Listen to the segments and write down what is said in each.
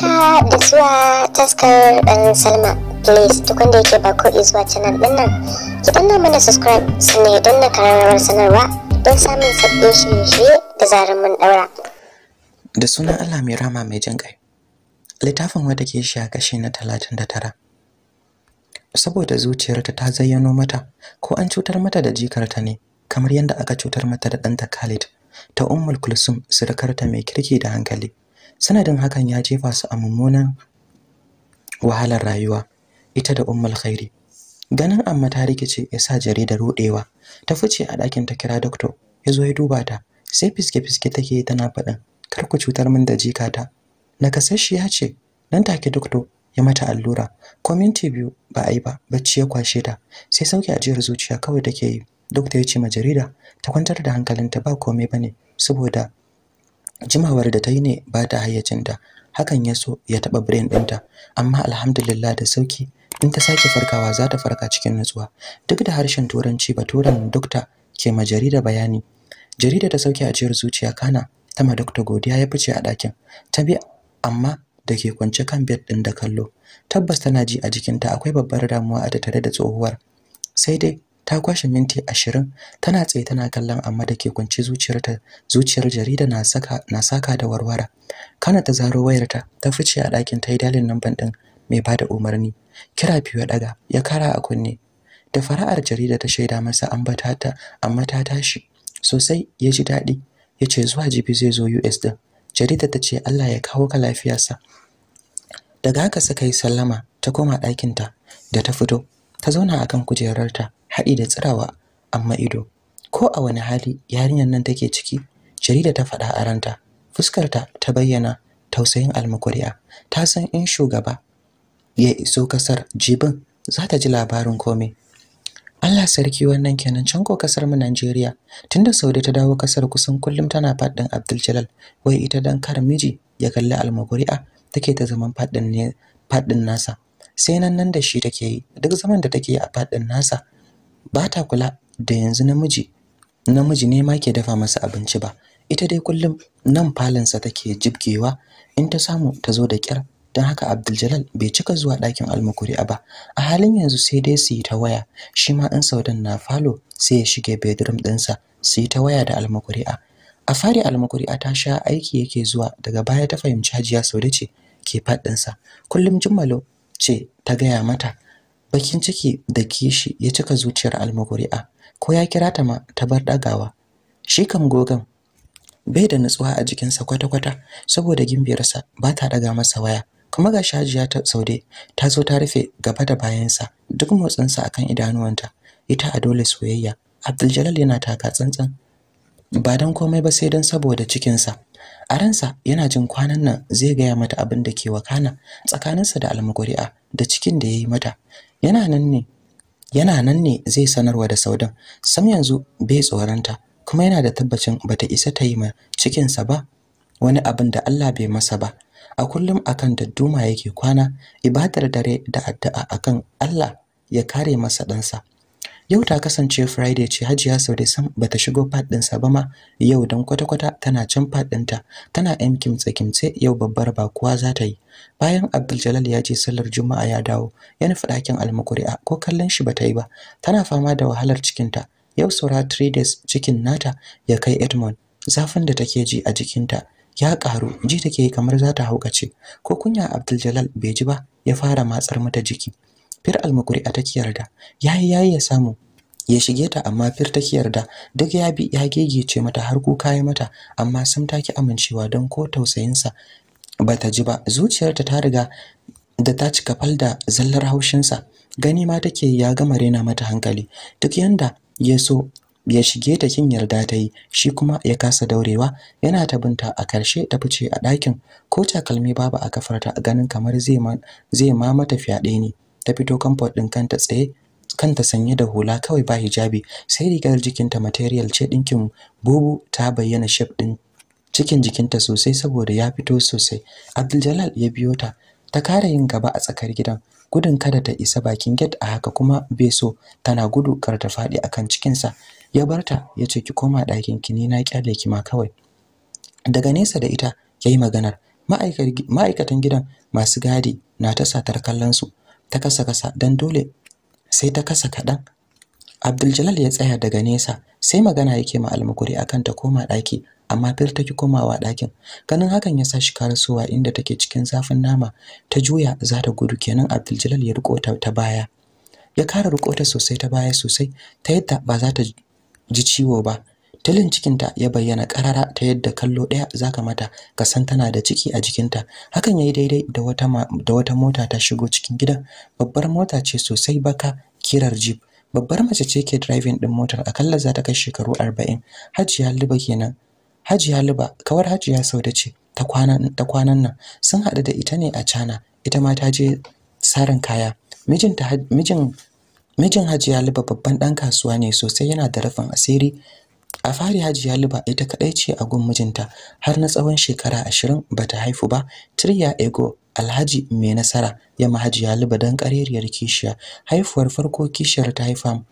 haka da zuwa taskar dan salma please duk wanda yake ba ko zuwa canal din nan ki danna mana subscribe sannan ya danna karamar sanarwa don samun sabbin shirye-shirye da zarar mun daura da sunan allah mai rama mai jin kai littafin wadda ke shi a kashi na talatin da tara saboda zuciyarta ta zayyano mata ko an cutar mata da jikarta ne kamar yadda aka cutar mata da ɗanta khalid ta ummul kulsum surukarta mai kirki da hankali sanadin hakan ya jefa su a mummunan wahalar rayuwa ita da ummul khairi ganin amma ta rikice ya sa jaridar da rudewa ta fice a ɗakin ta kira doctor ya zo ya duba ta sai fiske fiske take tana faɗin kar ku cutar min da jikata na kasashe ya ce nan take doctor ya mata allura community biyu ba a yi ba bacci ya kwashe ta sai sauki ajiyar zuciya kawai take yi doctor ya ce ma jarida ta kwantar da hankalinta ba komai bane saboda jimawar da ta yi ne ba ta hayyacinta hakan ya so ya taɓa brain ɗinta amma alhamdulillah da sauki in ta sake farkawa za ta farka cikin nutsuwa duk da harshen turanci baturen dokta ke ma jarida bayani jarida ta sauke ajiyar zuciya kana ta ma dokta godiya ya fice a ɗakin ta bi amma da ke kwance kan bed ɗin da kallo tabbas tana ji a jikinta akwai babbar damuwa a tattare da tsohuwar sai dai ta kwashe minti ashirin tana tsaye tana kallon amma da ke kwance zuciyarta zuciyar jarida na saka na saka da warwara kana ta zaro wayarta ta fice a ɗakin ta yi dalin namban ɗin mai bada umarni kira biyu daga ɗaga ya kara a kunne da fara'ar jarida ta shaida masa an ta amma ta tashi sosai ya ji daɗi ya ce zuwa jibi zai zo US din jarida ta ce Allah ya kawo ka lafiyarsa daga haka suka yi sallama ta koma ɗakinta da ta fito ta zauna akan kujerarta haɗi da tsirawa amma ido ko a wani hali yarinyar nan take ciki jarida ta faɗa a ranta fuskarta ta bayyana tausayin almakuriya ta san in shugaba ya iso kasar jibin za ta ji labarin komai Allah sarki wannan kenan can ko kasar mu Najeriya tunda Saudi ta dawo kasar kusan kullum tana faɗin Abdul wai ita dan kar miji ya kalli almakuriya take ta zaman faɗin nasa sai nan nan da shi take yi duk zaman da take a faɗin nasa ba ta kula da yanzu namiji namiji ne ma ke dafa masa abinci ba ita dai kullum nan falansa take jibgewa in ta samu ta zo da kyar don haka Abdul bai cika zuwa ɗakin almakuri'a ba a halin yanzu sai dai su yi ta waya shi ma in saudan na falo sai ya shige bedroom ɗinsa su yi ta waya da almakuri'a a fari almakuri'a ta sha aiki yake zuwa daga baya ta fahimci hajiya saude ce ke faɗinsa kullum jummalo ce ta gaya mata bakin ciki da kishi ya cika zuciyar almuguri'a ko ya kira ta ma ta bar dagawa shi kam gogan bai da nutsuwa a jikinsa kwata-kwata saboda gimbiyarsa ba ta daga masa waya kuma ga shajiya ta saude ta zo ta rufe gaba da bayansa duk motsinsa akan idanuwanta ita a dole soyayya abdul yana taka tsantsan ba don komai ba sai don saboda cikinsa a ransa yana jin kwanan nan zai gaya mata abin da ke wakana tsakaninsa da almuguri'a da cikin da ya yi mata yana nan ne yana nan ne zai sanarwa da saudan sam yanzu bai tsoranta kuma yana da tabbacin bata isa ta yi ma cikinsa ba wani abin da Allah bai masa ba a kullum akan dadduma yake kwana ibadar dare da addu'a akan Allah ya kare masa ɗansa Yau ta kasance Friday ce Hajiya Saude sam bata shigo pat ɗinsa ba ma yau dan kwata-kwata tana can pat ɗinta tana ƴan kimtse-kimtse yau babbar ba kuwa za ta yi. Bayan Abdul Jalal ya je sallar Juma'a ya dawo yana nufi ɗakin ko kallon shi bata yi ba tana fama da wahalar cikin ta yau saura 3 days cikin nata ya kai Edmond zafin da take ji a jikinta ya karu ji take kamar za ta haukace ko kunya Abdul Jalal bai ji ba ya fara matsar mata jiki fir almukuri a take yarda yayi yayi ya samu ya shige ta amma fir take yarda duk ya bi ya gegece mata har kuka ya mata amma sun take amincewa don ko tausayinsa bata ji ba zuciyarta ta riga da ta cika falda zallar haushinsa gani ma take ya gama rena mata hankali duk yanda ya so ya shige ta kin yarda ta yi shi kuma ya kasa daurewa yana ta binta a karshe ta fice a ɗakin ko takalmi babu a kafarta ganin kamar zai ma mata fyaɗe ne ta fito comfort din kanta tsaye kanta sanye da hula kawai ba hijabi sai rigar jikinta material ce dinkin bubu ta bayyana shape din cikin jikinta sosai saboda ya fito sosai Abdul ya biyo ta ta kare yin gaba a tsakar gidan gudun kada ta isa bakin gate a haka kuma bai so tana gudu kar ta faɗi akan cikinsa ya barta ya ce ki koma ɗakin ki ni na kyale ki ma kawai daga nesa da ita yayi maganar ma'aikatan gidan masu gadi na ta satar kallon su ta kasa kasa dan dole sai ta kasa kaɗan Abdul ya tsaya daga nesa sai magana yake ma almukuri akan ta koma ɗaki amma fir take komawa ɗakin ganin hakan ya sa shi karasuwa inda take cikin zafin nama ta juya za ta gudu kenan Abdul ya riko ta ta baya ya kara riko ta sosai ta baya sosai ta yadda ba za ta ji ciwo ba tilin cikinta ya bayyana karara ta yadda kallo ɗaya zaka mata ka san tana da ciki a jikinta hakan yayi daidai da wata da wata mota ta shigo cikin gidan babbar mota ce sosai baka kirar jeep babbar mace ce ke driving din motar akalla za ta kai shekaru arba'in. hajiya liba kenan hajiya liba kawar hajiya sauda ce ta kwanan nan sun haɗu da ita ne a cana ita ma ta je sarin kaya mijin mijin hajiya liba babban ɗan kasuwa ne sosai yana da rufin asiri a fari hajiya liba ita kadai ce a gun mijinta har na tsawon shekara 20 bata haifu ba tirya ego alhaji mai nasara ya Hajiya liba dan kareriyar kishiya haifuwar farko kishiyar ta haifa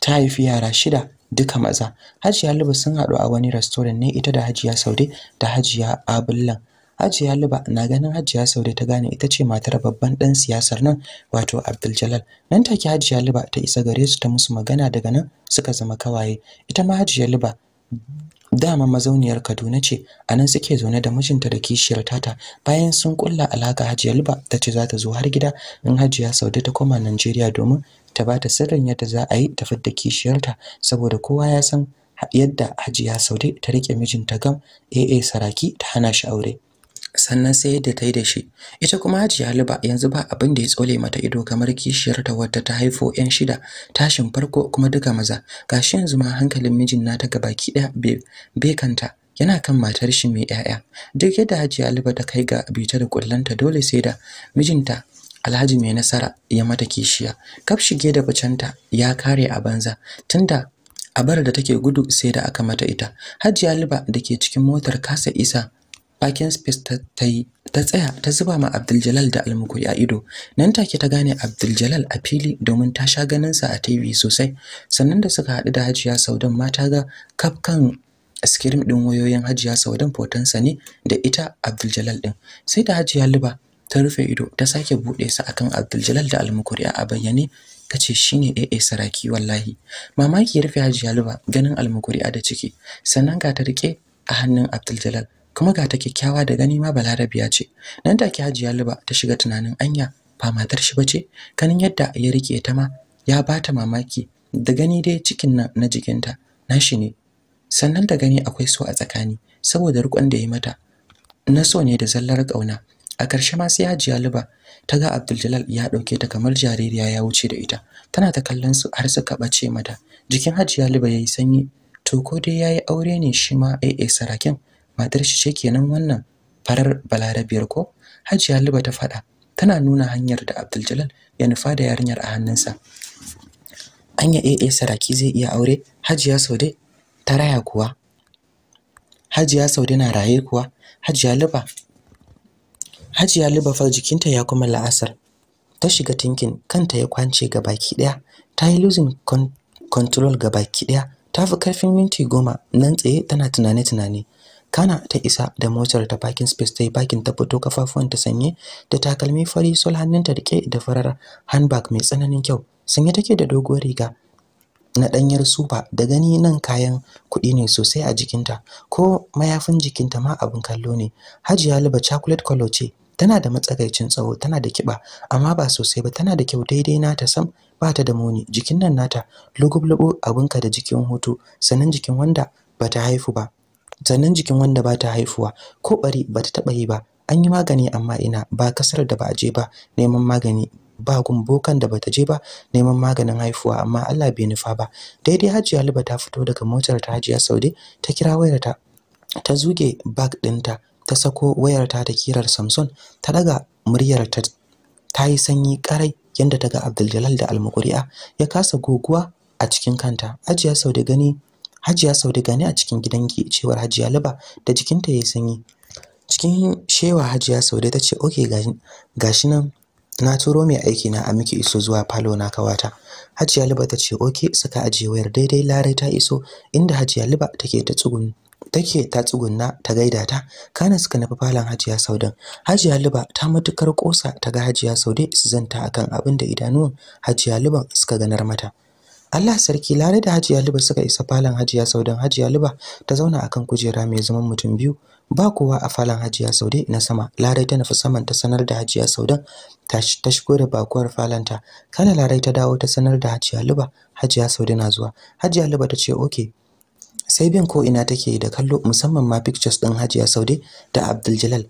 ta haifi yara shida duka maza hajiya liba sun haɗu a wani restaurant ne ita da hajiya saude da hajiya abullan Hajiya Luba na ganin Hajiya Saude ta gane ita ce matar babban dan siyasar nan wato Abdul Jalal. Nan take Hajiya Luba ta isa gare su ta musu magana daga nan suka zama kawaye. Ita ma Hajiya Luba dama mazauniyar Kaduna ce a nan suke zaune da mijinta da kishiyar tata bayan sun kulla alaka Hajiya Luba ta ce za ta zo har gida in Hajiya Saude ta koma Najeriya domin ta ba ta sirrin yadda za a yi ta fidda kishiyarta saboda kowa ya san yadda Hajiya Saude ta rike mijinta gam AA Saraki ta hana shi aure. sannan sai yadda ta yi da shi ita kuma hajiya liba yanzu ba abin da ya tsole mata ido kamar kishiyar ta wadda ta haifo yan shida tashin farko kuma duka maza gashi yanzu ma hankalin mijin nata gabaki ɗaya bai kanta yana kan matar shi mai 'ya'ya duk yadda hajiya liba ta kai ga bita da kullanta dole sai da mijinta Alhaji mai nasara ya mata kishiya kaf shige da bacanta ya kare a banza tunda abar da take gudu sai da aka mata ita hajiya liba da ke cikin motar kasa isa bakin space ta yi ta tsaya ta zuba ma Abdul da Almuku ya ido nan take ta gane Abdul Jalal a fili domin ta sha ganin sa a TV sosai sannan da suka haɗu da Hajiya Saudan mata ga kafkan screen din wayoyin Hajiya Saudan sa ne da ita Abdul Jalal din sai da Hajiya Luba ta rufe ido ta sake bude sa akan Abdul Jalal da Almukuri a bayyane kace shine AA saraki wallahi mamaki rufe Hajiya Luba ganin Almukuri a da ciki sannan ga ta rike a hannun Abdul Jalal kuma ga ta kyakkyawa da gani ma balarabiya ce nan take hajiya luba ta shiga tunanin anya ba matar shi bace kanin yadda ya rike ta ma ya bata mamaki da gani dai cikin nan na jikinta nashi ne sannan da gani akwai so a tsakani saboda rukun da ya mata na so ne da zallar kauna a ƙarshe ma sai hajiya luba ta ga abdul ya dauke ta kamar jaririya ya wuce da ita tana ta kallon su har suka bace mata jikin hajiya luba ya yi sanyi to ko dai yayi aure ne shi ma AA sarakin matar shi ce kenan wannan farar balarabiyar ko hajiya liba ta faɗa tana nuna hanyar da abdul ya nufa da yarinyar a hannunsa anya AA saraki zai iya aure hajiya saude ta raya kuwa hajiya saude na raye kuwa hajiya liba hajiya liba fa jikinta ya kuma la'asar ta shiga tinkin kanta ya kwance ga baki daya ta yi losing control gabaki daya ta fi karfin minti goma nan tsaye tana tunane-tunane kana ta isa da motar ta bakin space ta yi bakin ta fito kafafuwan ta sanye da takalmi fari sol hannunta rike da farar handbag mai tsananin kyau sanye take da doguwar riga na danyar sufa da gani nan kayan kuɗi ne sosai a jikinta ko mayafin jikinta ma abin kallo ne hajiya liba chocolate color ce tana da matsagaicin tsawo tana da kiba amma ba sosai ba tana da kyau daidai nata sam ba ta da muni jikin nan nata lugublubu abinka da jikin hutu sannan jikin wanda ba ta haifu ba sannan jikin wanda ba ta haifuwa ko bari ba ta taɓa yi ba an yi magani amma ina ba kasar da ba a je ba neman magani ba gumbokan da ba ta je ba neman maganin haifuwa amma Allah bai nufa ba daidai Hajiya Liba ta fito daga motar ta Hajiya Saude ta kira wayarta ta zuge bag ɗinta ta sako wayarta da kirar samson, ta daga muryar ta ta yi sanyi karai yanda ta ga Abdul da Almukuri'a ya kasa guguwa a cikin kanta Hajiya Saude gani Hajiya Saude gani a cikin gidan ki cewar Hajiya Laba da jikinta yayi sanyi. Cikin shewa Hajiya Saude ta ce okay gashi nan na turo mai aiki na a miki iso zuwa falo na kawata. Hajiya Liba ta ce okay suka ajiye wayar daidai Larai ta iso inda Hajiya Liba take ta tsugun take ta tsugunna ta gaida ta kana suka nufi falon Hajiya Saudan Hajiya Liba ta matukar kosa ta ga Hajiya Saude su zanta akan abin da idanun Hajiya Liban suka ganar mata Allah sarki Lare da Hajiya Liba suka isa falon Hajiya Saudan Hajiya Liba ta zauna akan kujera mai zaman mutum biyu ba kowa a falon Hajiya Saude na sama Lare ta nufi saman ta sanar da Hajiya Saudan ta shigo da bakuwar ta kana Lare ta dawo ta sanar da Hajiya Liba Hajiya saudi na zuwa Hajiya Liba ta ce okay sai bin ko ina take da kallo musamman ma pictures din Hajiya saudi da Abdul Jalal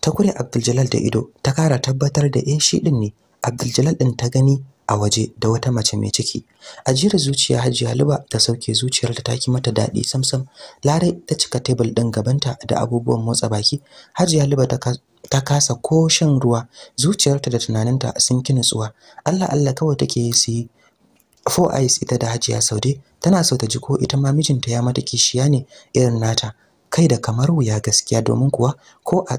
ta kure Abdul Jalal da ido ta kara tabbatar da eh shi din ne Abdul Jalal din ta gani a waje da wata mace mai ciki Ajira zuciya hajiya luba ta sauke zuciyar ta taki mata daɗi samsam larai ta cika tebul ɗin gabanta da abubuwan motsa baki hajiya luba ta ta kasa ko shan ruwa zuciyarta da tunaninta sun ki nutsuwa Allah Allah kawai take yi su yi four ita da hajiya saude tana so ta ji ko ita ma mijinta ya mata kishiya ne irin nata kai da kamar wuya gaskiya domin kuwa ko a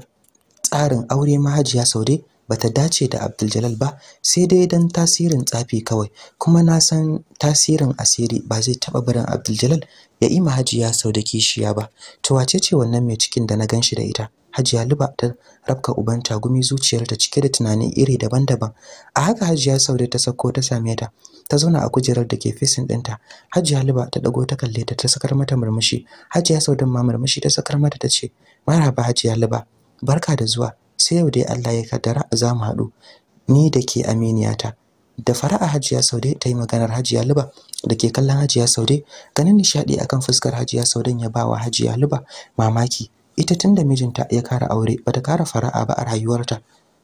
tsarin aure ma hajiya saude bata dace da Abdul ba sai dai dan tasirin tsafi kawai kuma na san tasirin asiri ba zai taba barin Abdul ya ima Hajiya sau da kishiya ba to wace ce wannan mai cikin da na ganshi da ita Hajiya Luba ta rabka uban zuciyar zuciyarta cike da tunani iri daban-daban a haka Hajiya Saude ta sako ta same ta ta zauna a kujerar da ke fesin ɗinta Hajiya Luba ta dago ta kalle ta ta sakar mata murmushi Hajiya Saude ma murmushi ta sakar mata ta ce marhaba Hajiya Luba barka da zuwa sai yau dai Allah ya kaddara za mu haɗu ni da ke aminiyata da fara'a hajiya saude ta yi maganar hajiya Luba. da ke kallon hajiya saude ganin nishaɗi akan fuskar hajiya sauden ya bawa hajiya Luba mamaki ita tun da mijinta ya kara aure bata kara fara'a ba a rayuwarta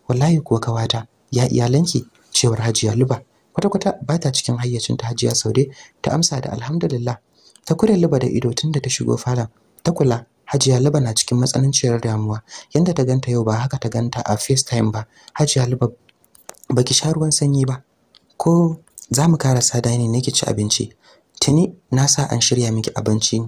wallahi kuwa kawata ya iyalanki cewar hajiya Luba kwata-kwata ba ta cikin hayyacinta hajiya saude ta amsa da alhamdulillah ta kure Luba da ido tun da ta shigo falon ta kula Hajiya Luba na cikin matsananciyar damuwa. Yanda ta ganta yau ba haka ta ganta a FaceTime ba. Hajiya Luba baki sha ruwan sanyi ba. Ko za mu karasa dining nake ci abinci. Tuni na sa an shirya miki abinci.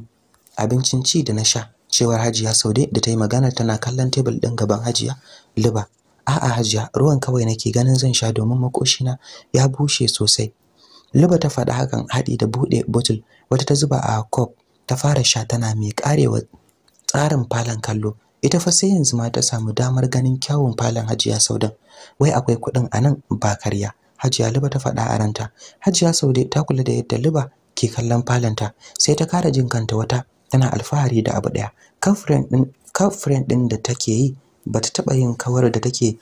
Abincin ci da na sha. Cewar Hajiya Saude da ta yi magana tana kallon tebul din gaban Hajiya Luba. A'a Hajiya, ruwan kawai nake ganin zan sha domin makoshina ya bushe sosai. Luba ta faɗa hakan haɗi da buɗe bottle wata ta zuba a cup ta fara sha tana mai karewa tsarin falon kallo ita fa sai yanzu ma ta samu damar ganin kyawun falon Hajiya Sauda wai akwai kuɗin nan ba karya Hajiya Liba ta faɗa a ranta Hajiya Saude ta kula da yadda Liba ke kallon falon ta. sai ta kara jin kanta wata tana alfahari da abu daya kafren din kafren din da take yi bata taba yin kawar da take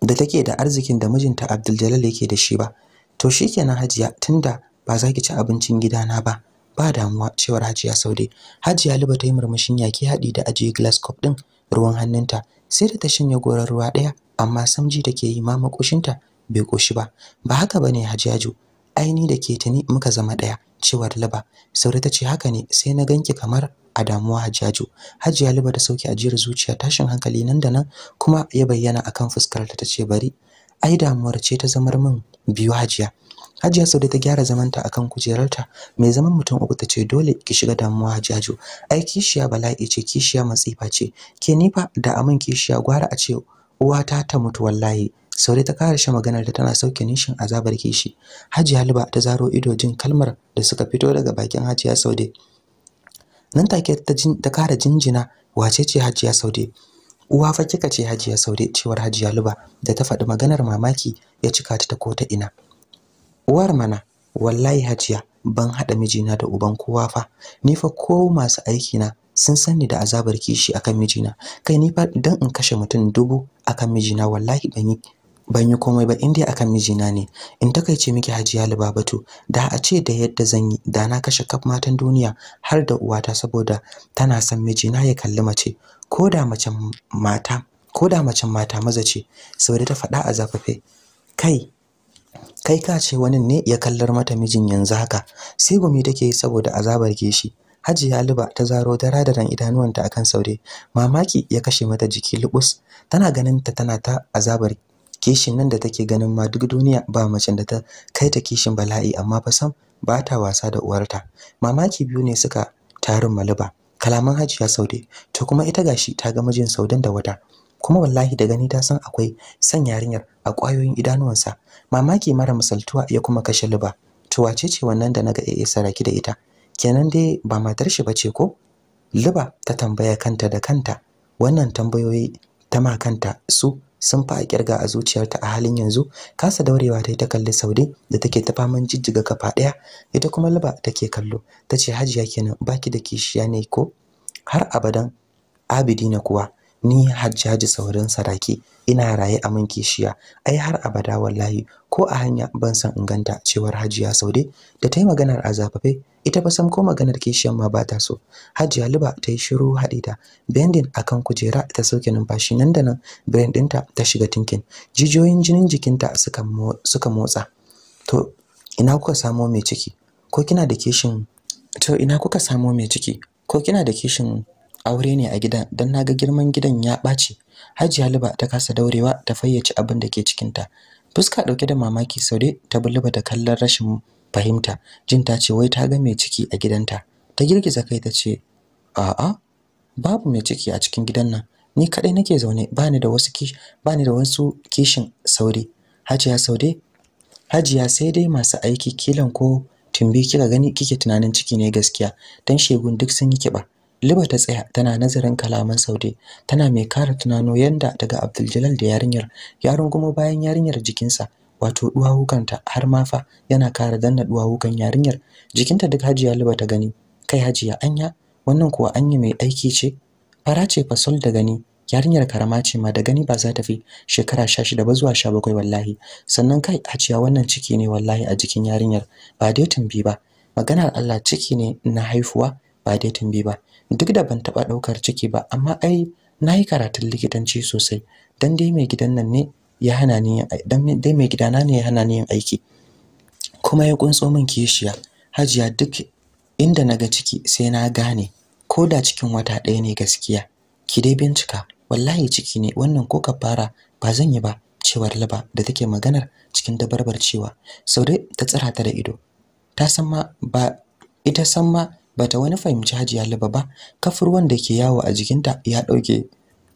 da take da arzikin da mijinta Abdul yake da shi ba to shikenan Hajiya tunda ba za ki ci abincin gidana ba ba damuwa cewar Hajiya Saude Hajiya Liba ta yi murmushin yaki haɗi da ajiye glass cup din ruwan hannunta sai da ta shanye gorar ruwa ɗaya amma samji take yi ma makoshinta bai koshi ba ba haka ba bane Hajiyaju aini da ke tuni muka zama ɗaya cewar Liba saure ta ce haka ne sai na ganki kamar a damuwa Hajiya Hajiyaju Hajiya Liba ta sauke ajiyar zuciya tashin hankali nan da nan kuma ya bayyana akan fuskarta ta ce bari ai damuwar ce ta zamar min biyu hajiya hajiya sau da ta gyara zamanta akan kujerarta mai zaman mutum uku ta ce dole ki shiga damuwa hajaju ai kishiya bala'i ce kishiya matsifa ce ke nifa da amin kishiya gwara a ce uwata ta mutu wallahi Saude ta shi maganar da tana sauke nishin azabar kishi. Hajiya Liba ta zaro ido jin kalmar da suka fito daga bakin Hajiya Saude. Nan take ta kara jinjina wace ce Hajiya Saude uwa fa kika ce hajiya saude cewar hajiya luba da ta faɗi maganar mamaki ya cika ta ko ta ina uwar mana wallahi hajiya ban haɗa mijina da uban kowa fa ni fa ko masu aiki na sun sani da azabar kishi akan mijina kai ni fa dan in kashe mutum dubu akan mijina wallahi ban yi ban yi komai ba indai akan mijina ne in takaice miki hajiya libabatu da a ce da yadda zan yi da na kashe kaf matan duniya har da uwata saboda tana son mijina ya kalli mace ko da macen mata ko da macen mata maza ce saboda ta faɗa a zafafe kai kai ka ce wani ne ya kallar mata mijin yanzu haka sai gumi take saboda azabar kishi Haji Liba ta zaro da daradaran idanuwanta akan Saude. Mamaki ya kashe mata jiki lubus. Tana ganin ta tana ta azabar kishin nan da take ganin ma duk duniya ba macen da ta kai ta kishin bala'i amma fa sam ba ta wasa da uwarta mamaki biyu ne suka tarin maluba kalaman hajiya saude to kuma ita gashi ta ga mijin saudan da wata kuma wallahi da gani ta san akwai san yarinyar a ƙwayoyin idanuwansa mamaki mara misaltuwa ya kuma kashe luba to wace ce wannan da naga eh saraki da ita kenan dai ba matar shi bace ko luba ta tambaya kanta da kanta wannan tambayoyi ta ma kanta su sun fa a kirga a zuciyarta a halin yanzu kasa daurewa ta yi ta kalli saude da take ta faman jijjiga kafa ɗaya ita kuma laba take kallo ta ce hajiya kenan baki da kishiya ne ko har abadan abidina kuwa ni Hajjaji saurin sarake ina raye a min kishiya ai har abada wallahi ko a hanya ban san in ganta cewar Hajiya Saude da ta yi maganar azafafe ita ba san ko maganar kishiyar ma ba ta so Hajiya Liba ta yi shiru haɗe ta bending akan kujera ta sauke numfashi nan da nan brain ɗinta ta shiga tinkin jijiyoyin jinin jikinta suka suka motsa to ina kuka samo mai ciki ko kina da kishin to ina kuka samo mai ciki ko kina da kishin aure ne a gidan don naga girman gidan ya ɓaci hajiya Luba ta kasa daurewa ta fayyace abin da ke cikinta fuska ɗauke da mamaki saude ta bulluba da kallon rashin fahimta jin ta ce wai ta ga mai ciki a gidanta ta girgiza kai ta ce a'a babu mai ciki a cikin gidan nan ni kaɗai nake zaune bani da wasu kish bani da wasu kishin sauri. hajiya saude ya sai dai masu aiki kilan ko tumbi kika gani kike tunanin ciki ne gaskiya dan shegun duk sun yi kiba Liba ta tsaya tana nazarin kalaman Saude, tana mai kara tunano yanda daga Abdul da yarinyar, yaron kuma bayan yarinyar jikinsa, wato duwawukanta har ma fa yana kara danna duwawukan yarinyar. Jikinta duk Hajiya Liba ta gani, kai Hajiya Anya, wannan kuwa Anya mai aiki ce. Fara ce sol da gani, yarinyar karama ce ma da gani ba za ta fi shekara 16 ba zuwa 17 wallahi. Sannan kai Hajiya wannan ciki ne wallahi a jikin yarinyar, ba dai bi ba. Maganar Allah ciki ne na haifuwa ba dai bi ba. duk da ban taɓa ɗaukar ciki ba amma ai na yi karatun likitanci sosai don dai mai gidan nan ne ya hana ni yin dai mai gidana ne ya hana ni yin aiki kuma ya kunso min kishiya hajiya duk inda na ga ciki sai na gane ko da cikin wata ɗaya ne gaskiya ki dai bincika wallahi ciki ne wannan ko kafara ba zan yi ba cewar laba da take maganar cikin dabarbar cewa saurai ta tsira ta da ido ta san ma ba ita san ma bata wani fahimci Hajiya Liba ba kafur da ke yawo a jikinta ya dauke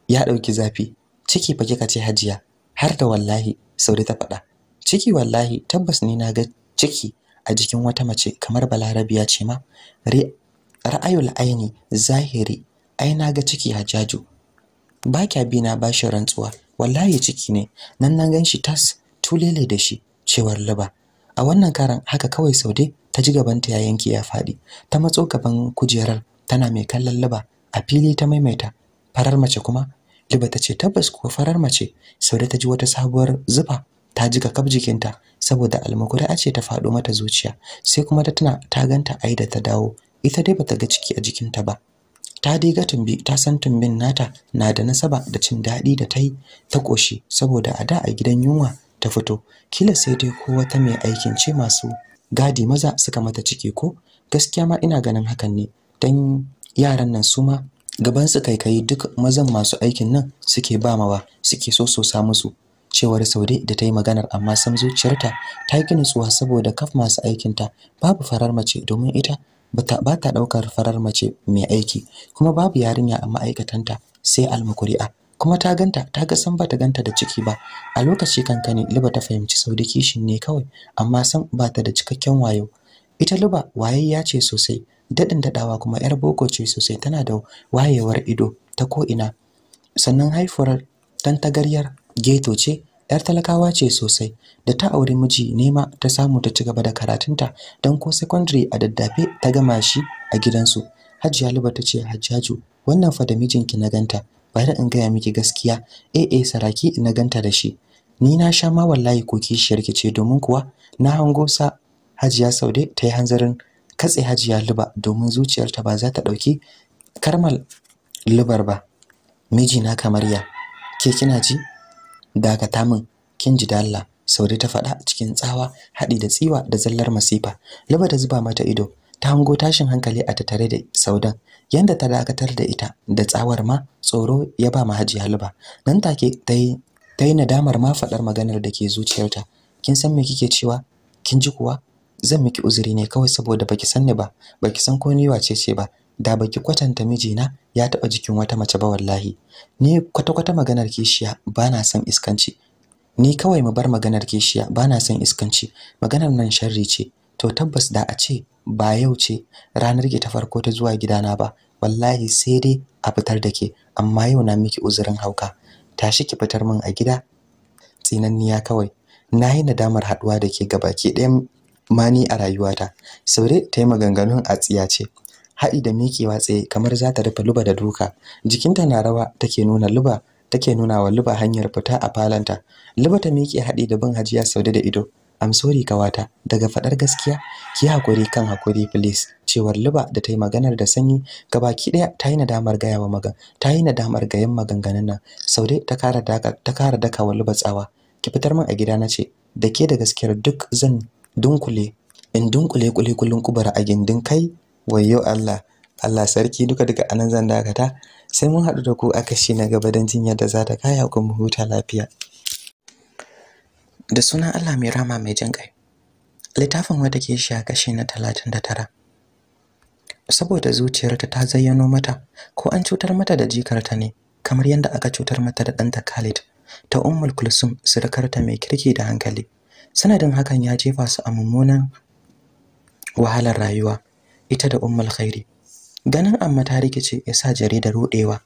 ya dauki zafi ciki fa kika ce Hajiya har da wallahi da ta faɗa ciki wallahi tabbas ni na ga ciki a jikin wata mace kamar balarabiya ce ma ra'ayul aini zahiri ai na ga ciki hajaju ba kya bi na bashi rantsuwa wallahi ciki ne nan na ganshi tas tulele da shi cewar liba a wannan karan haka kawai sau saude ta ji gabanta ya yanke ya faɗi ta matso gaban kujerar tana mai kallon liba a fili ta maimaita farar mace kuma liba ta ce tabbas ko farar mace saude ta ji wata sabuwar zufa ta ji kaf jikinta saboda almakura ce ta faɗo mata zuciya sai kuma ta tana ta ganta ai da ta dawo ita dai bata ga ciki a jikinta ba ta dai ga tumbi ta san tumbin nata na da nasaba da cin daɗi da ta yi ta ƙoshi saboda a da a gidan yunwa ta fito kila sai dai ko wata mai aikin ce masu gadi maza suka mata ciki ko gaskiya ma ina ganin hakan ne dan yaran nan su ma gaban su kaikayi duk mazan masu aikin nan suke ba mawa suke so so sa musu cewar Saude da ta yi maganar amma san zuciyarta ta yi tsuwa saboda kaf masu aikinta babu farar mace domin ita bata ba ta daukar farar mace mai aiki kuma babu yarinya a ma'aikatanta sai almukuri'a kuma ta ganta ta ga san bata ganta da ciki ba a lokaci kankani liba ta fahimci saudi kishin ne kawai amma san bata da cikakken wayo ita liba wayayya ce sosai dadin dadawa kuma yar boko ce sosai tana da wayewar ido ta ko ina sannan haifurar tagaryar geto ce yar talakawa ce sosai da ta auri miji nema ta samu ta ci gaba da karatunta dan ko secondary a daddafe ta gama shi a gidansu hajiya liba ta ce hajjaju wannan fa da mijinki na ganta bari in gaya miki gaskiya eh eh saraki na ganta da shi ni na sha ma wallahi ko kishiyar ki ce domin kuwa na hango sa Hajiya Saude ta yi hanzarin katse Hajiya Luba domin zuciyarta ba za ta dauki karmal lubar ba mijina kamar ya ke kina ji dakata min kin ji da Allah Saude ta faɗa cikin tsawa haɗi da tsiwa da zallar masifa Luba da zuba mata ido ta hango tashin hankali a tattare da Saudan yanda ta dakatar da ita da tsawar ma tsoro ya ba mahaji halba nan take ta yi nadamar ma faɗar maganar da ke zuciyarta kin san me kike cewa kin ji kuwa zan miki uzuri ne kawai saboda baki san ni ba baki san ko ni wace ce ba da baki kwatanta mijina ya taɓa jikin wata mace ba wallahi ni kwata-kwata maganar kishiya na san iskanci ni kawai mu bar maganar kishiya na son iskanci maganar nan sharri ce to tabbas da a ce ba yau ce ranar ki ta farko ta zuwa gidana ba wallahi sai dai a fitar da ke amma yau na miki uzurin hauka tashi ki fitar min a gida tsinanniya kawai na yi nadamar haɗuwa da ke gaba ke ɗayan mani a rayuwata saure ta yi maganganun a tsiyace haɗi da miƙewa tsaye kamar za ta rufe luba da duka jikinta na rawa take nuna luba take nuna wa luba hanyar fita a falanta luba ta miƙe haɗi da bin hajiya saude da ido I'm sorry kawata daga fadar gaskiya ki hakuri kan hakuri please cewar Luba da ta yi maganar da sanyi gabaki daya ta yi nadamar gaya wa magan ta yi nadamar gayan maganganun nan saude ta kara daka ta kara daka wa Luba tsawa ki fitar min a gida na ce da ke da gaskiyar duk zan dunkule in dunkule kule kullun kubara a gindin kai wayyo Allah Allah sarki duka duka anan zan dakata sai mun haɗu da ku a kashi na gaba don jin yadda za ta kaya kuma huta lafiya da sunan Allah mai rama mai jin ƙai. littafin wanda ke shi a kashi na 39 saboda zuciyarta ta zayyano mata ko an cutar mata da jikarta ne kamar yadda aka cutar mata da ɗanta Khalid ta Ummul Kulsum surukarta mai kirki da hankali sanadin hakan ya jefa su a mummunan wahalar rayuwa ita da Ummul Khairi ganin amma ta rikice ya sa jaridar ruɗewa.